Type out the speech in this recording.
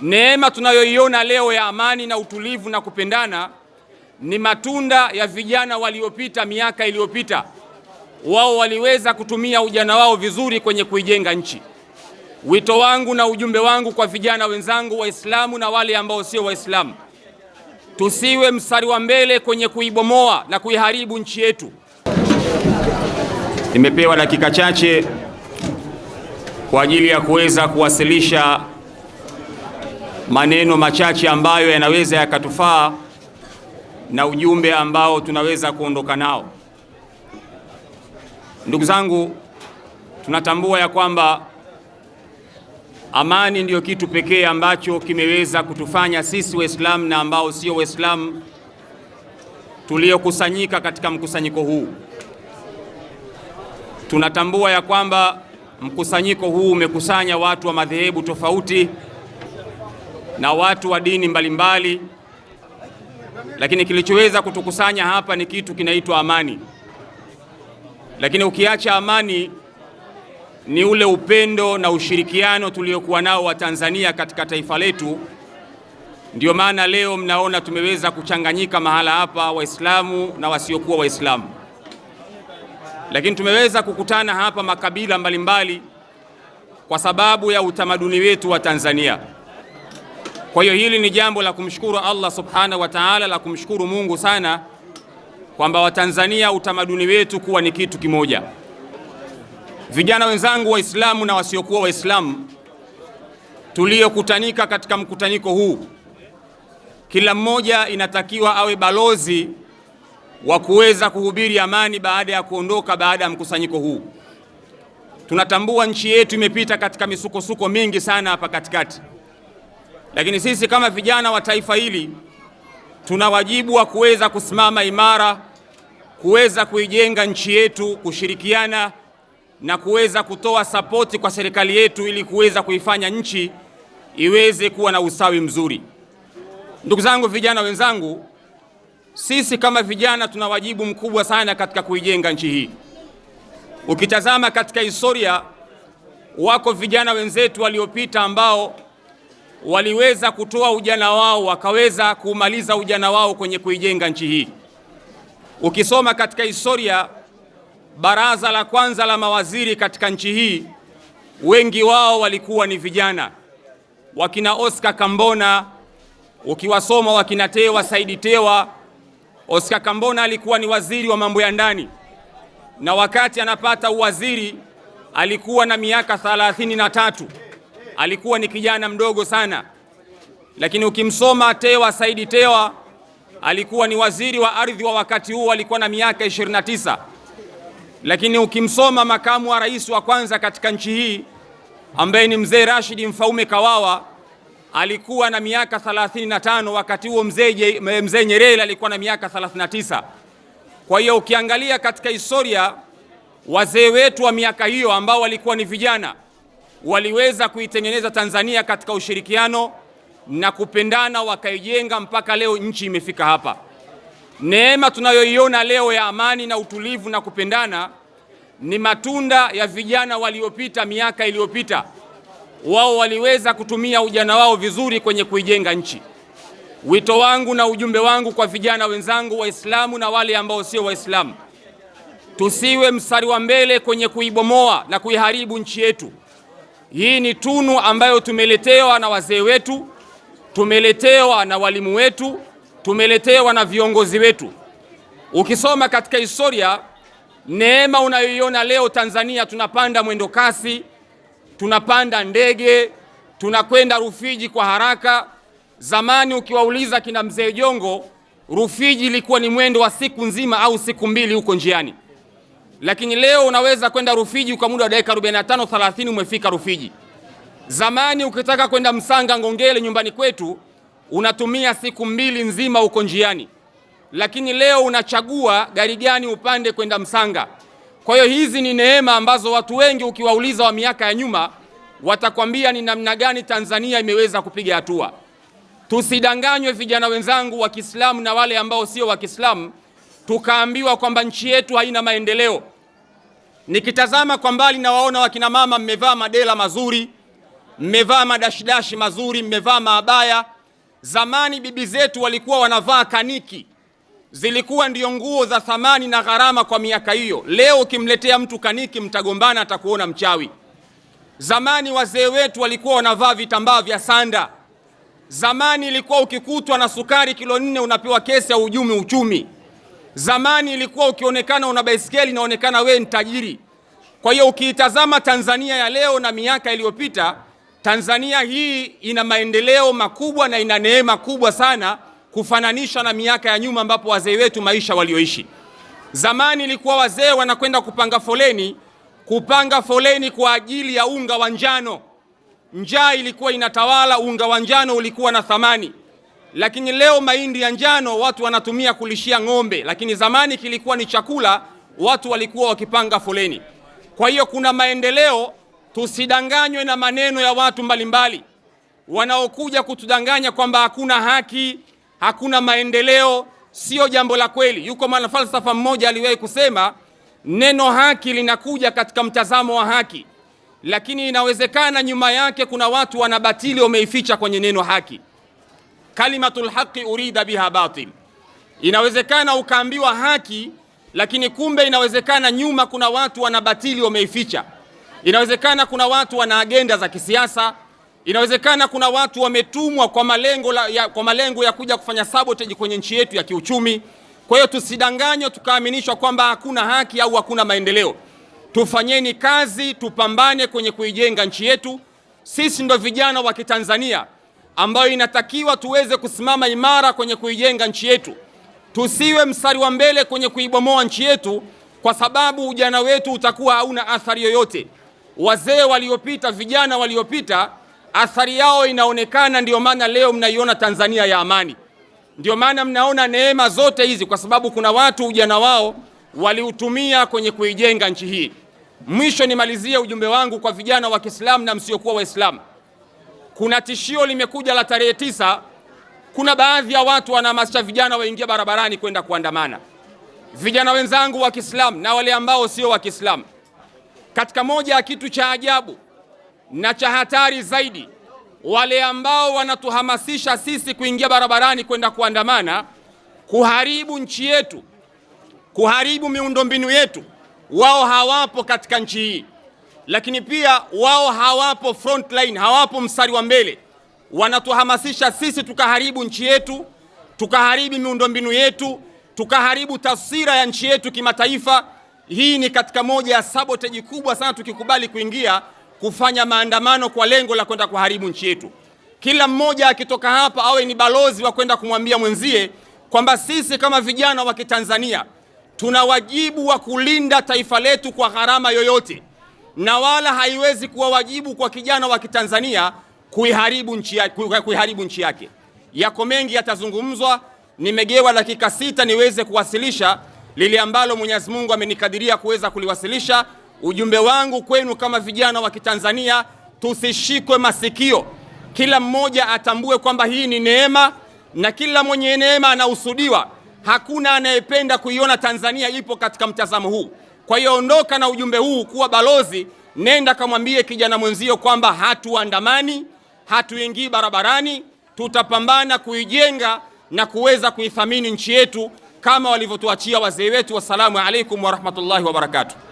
Neema tunayoiona leo ya amani na utulivu na kupendana ni matunda ya vijana waliopita miaka iliyopita. Wao waliweza kutumia ujana wao vizuri kwenye kuijenga nchi. Wito wangu na ujumbe wangu kwa vijana wenzangu Waislamu na wale ambao sio Waislamu, tusiwe mstari wa mbele kwenye kuibomoa na kuiharibu nchi yetu. Nimepewa dakika chache kwa ajili ya kuweza kuwasilisha maneno machache ambayo yanaweza yakatufaa na ujumbe ambao tunaweza kuondoka nao. Ndugu zangu, tunatambua ya kwamba amani ndiyo kitu pekee ambacho kimeweza kutufanya sisi Waislamu na ambao sio Waislamu tuliokusanyika katika mkusanyiko huu. Tunatambua ya kwamba mkusanyiko huu umekusanya watu wa madhehebu tofauti na watu wa dini mbalimbali mbali, lakini kilichoweza kutukusanya hapa ni kitu kinaitwa amani. Lakini ukiacha amani ni ule upendo na ushirikiano tuliokuwa nao wa Tanzania katika taifa letu. ndio maana leo mnaona tumeweza kuchanganyika mahala hapa, Waislamu na wasiokuwa Waislamu, lakini tumeweza kukutana hapa makabila mbalimbali mbali, kwa sababu ya utamaduni wetu wa Tanzania. Kwa hiyo hili ni jambo la kumshukuru Allah subhanahu wa ta'ala, la kumshukuru Mungu sana kwamba Watanzania utamaduni wetu kuwa ni kitu kimoja. Vijana wenzangu Waislamu na wasiokuwa Waislamu tuliokutanika katika mkutaniko huu, kila mmoja inatakiwa awe balozi wa kuweza kuhubiri amani baada ya kuondoka, baada ya mkusanyiko huu. Tunatambua nchi yetu imepita katika misukosuko mingi sana hapa katikati lakini sisi kama vijana wa taifa hili tuna wajibu wa kuweza kusimama imara, kuweza kuijenga nchi yetu, kushirikiana na kuweza kutoa sapoti kwa serikali yetu ili kuweza kuifanya nchi iweze kuwa na usawi mzuri. Ndugu zangu, vijana wenzangu, sisi kama vijana tuna wajibu mkubwa sana katika kuijenga nchi hii. Ukitazama katika historia, wako vijana wenzetu waliopita ambao waliweza kutoa ujana wao wakaweza kumaliza ujana wao kwenye kuijenga nchi hii. Ukisoma katika historia, baraza la kwanza la mawaziri katika nchi hii wengi wao walikuwa ni vijana, wakina Oscar Kambona, ukiwasoma wakina Tewa Saidi Tewa. Oscar Kambona alikuwa ni waziri wa mambo ya ndani, na wakati anapata uwaziri alikuwa na miaka thalathini na tatu alikuwa ni kijana mdogo sana, lakini ukimsoma Tewa Saidi Tewa alikuwa ni waziri wa ardhi wa wakati huo, alikuwa na miaka 29. Lakini ukimsoma makamu wa rais wa kwanza katika nchi hii ambaye ni mzee Rashid Mfaume Kawawa alikuwa na miaka 35, wakati huo mzee mzee Nyerere alikuwa na miaka 39. Kwa hiyo ukiangalia katika historia, wazee wetu wa miaka hiyo ambao walikuwa ni vijana waliweza kuitengeneza Tanzania katika ushirikiano na kupendana, wakaijenga mpaka leo nchi imefika hapa. Neema tunayoiona leo ya amani na utulivu na kupendana ni matunda ya vijana waliopita miaka iliyopita. Wao waliweza kutumia ujana wao vizuri kwenye kuijenga nchi. Wito wangu na ujumbe wangu kwa vijana wenzangu Waislamu na wale ambao sio Waislamu, tusiwe mstari wa mbele kwenye kuibomoa na kuiharibu nchi yetu. Hii ni tunu ambayo tumeletewa na wazee wetu, tumeletewa na walimu wetu, tumeletewa na viongozi wetu. Ukisoma katika historia, neema unayoiona leo Tanzania, tunapanda mwendo kasi, tunapanda ndege, tunakwenda Rufiji kwa haraka. Zamani ukiwauliza kina mzee Jongo, Rufiji ilikuwa ni mwendo wa siku nzima au siku mbili huko njiani lakini leo unaweza kwenda Rufiji kwa muda wa dakika 45 30, umefika Rufiji. Zamani ukitaka kwenda Msanga Ngongele, nyumbani kwetu, unatumia siku mbili nzima uko njiani, lakini leo unachagua gari gani upande kwenda Msanga. Kwa hiyo hizi ni neema ambazo watu wengi ukiwauliza wa miaka ya nyuma watakwambia ni namna gani Tanzania imeweza kupiga hatua. Tusidanganywe vijana wenzangu wa Kiislamu na wale ambao sio wa Kiislamu tukaambiwa kwamba nchi yetu haina maendeleo. Nikitazama kwa mbali na waona wakina mama mmevaa madela mazuri, mmevaa madashidashi mazuri, mmevaa maabaya. Zamani bibi zetu walikuwa wanavaa kaniki, zilikuwa ndio nguo za thamani na gharama kwa miaka hiyo. Leo ukimletea mtu kaniki, mtagombana, atakuona mchawi. Zamani wazee wetu walikuwa wanavaa vitambaa vya sanda. Zamani ilikuwa ukikutwa na sukari kilo nne unapewa kesi ya ujumi uchumi. Zamani ilikuwa ukionekana una baisikeli inaonekana wewe ni tajiri. Kwa hiyo ukiitazama Tanzania ya leo na miaka iliyopita, Tanzania hii ina maendeleo makubwa na ina neema kubwa sana kufananisha na miaka ya nyuma ambapo wazee wetu maisha walioishi. Zamani ilikuwa wazee wanakwenda kupanga foleni, kupanga foleni kwa ajili ya unga wa njano. Njaa ilikuwa inatawala, unga wa njano ulikuwa na thamani. Lakini leo mahindi ya njano watu wanatumia kulishia ng'ombe, lakini zamani kilikuwa ni chakula, watu walikuwa wakipanga foleni. Kwa hiyo kuna maendeleo, tusidanganywe na maneno ya watu mbalimbali wanaokuja kutudanganya kwamba hakuna haki, hakuna maendeleo. Sio jambo la kweli. Yuko mwanafalsafa mmoja aliwahi kusema neno haki linakuja katika mtazamo wa haki, lakini inawezekana nyuma yake kuna watu wanabatili, wameificha kwenye neno haki kalimatul haqi urida biha batil. Inawezekana ukaambiwa haki, lakini kumbe inawezekana nyuma kuna watu wana batili wameificha. Inawezekana kuna watu wana agenda za kisiasa. Inawezekana kuna watu wametumwa kwa malengo ya, kwa malengo ya kuja kufanya sabotage kwenye nchi yetu ya kiuchumi. Kwa hiyo tusidanganywe tukaaminishwa kwamba hakuna haki au hakuna maendeleo. Tufanyeni kazi, tupambane kwenye kuijenga nchi yetu. Sisi ndo vijana wa Kitanzania ambayo inatakiwa tuweze kusimama imara kwenye kuijenga nchi yetu, tusiwe mstari wa mbele kwenye kuibomoa nchi yetu, kwa sababu ujana wetu utakuwa hauna athari yoyote. Wazee waliopita, vijana waliopita, athari yao inaonekana. Ndio maana leo mnaiona Tanzania ya amani, ndio maana mnaona neema zote hizi, kwa sababu kuna watu ujana wao waliutumia kwenye kuijenga nchi hii. Mwisho nimalizie ujumbe wangu kwa vijana wa Kiislamu na msiokuwa Waislamu kuna tishio limekuja la tarehe tisa. Kuna baadhi ya watu wanahamasisha vijana waingia barabarani kwenda kuandamana. Vijana wenzangu wa Kiislamu na wale ambao sio wa Kiislamu, katika moja ya kitu cha ajabu na cha hatari zaidi, wale ambao wanatuhamasisha sisi kuingia barabarani kwenda kuandamana, kuharibu nchi yetu, kuharibu miundombinu yetu, wao hawapo katika nchi hii lakini pia wao hawapo front line, hawapo mstari wa mbele. Wanatuhamasisha sisi tukaharibu nchi yetu, tukaharibu miundombinu yetu, tukaharibu taswira ya nchi yetu kimataifa. Hii ni katika moja ya sabotage kubwa sana, tukikubali kuingia kufanya maandamano kwa lengo la kwenda kuharibu nchi yetu. Kila mmoja akitoka hapa awe ni balozi wa kwenda kumwambia mwenzie kwamba sisi kama vijana wa Kitanzania tuna wajibu wa kulinda taifa letu kwa gharama yoyote na wala haiwezi kuwa wajibu kwa kijana wa Kitanzania kuiharibu nchi yake, kuiharibu nchi yake. Yako mengi yatazungumzwa, nimegewa dakika sita niweze kuwasilisha lile ambalo Mwenyezi Mungu amenikadiria kuweza kuliwasilisha. Ujumbe wangu kwenu kama vijana wa Kitanzania, tusishikwe masikio. Kila mmoja atambue kwamba hii ni neema na kila mwenye neema anahusudiwa. Hakuna anayependa kuiona Tanzania ipo katika mtazamo huu. Kwa hiyo ondoka na ujumbe huu, kuwa balozi, nenda kamwambie kijana mwenzio kwamba hatuandamani, hatuingii barabarani, tutapambana kuijenga na kuweza kuithamini nchi yetu kama walivyotuachia wazee wetu. Wassalamu alaikum warahmatullahi wabarakatuh.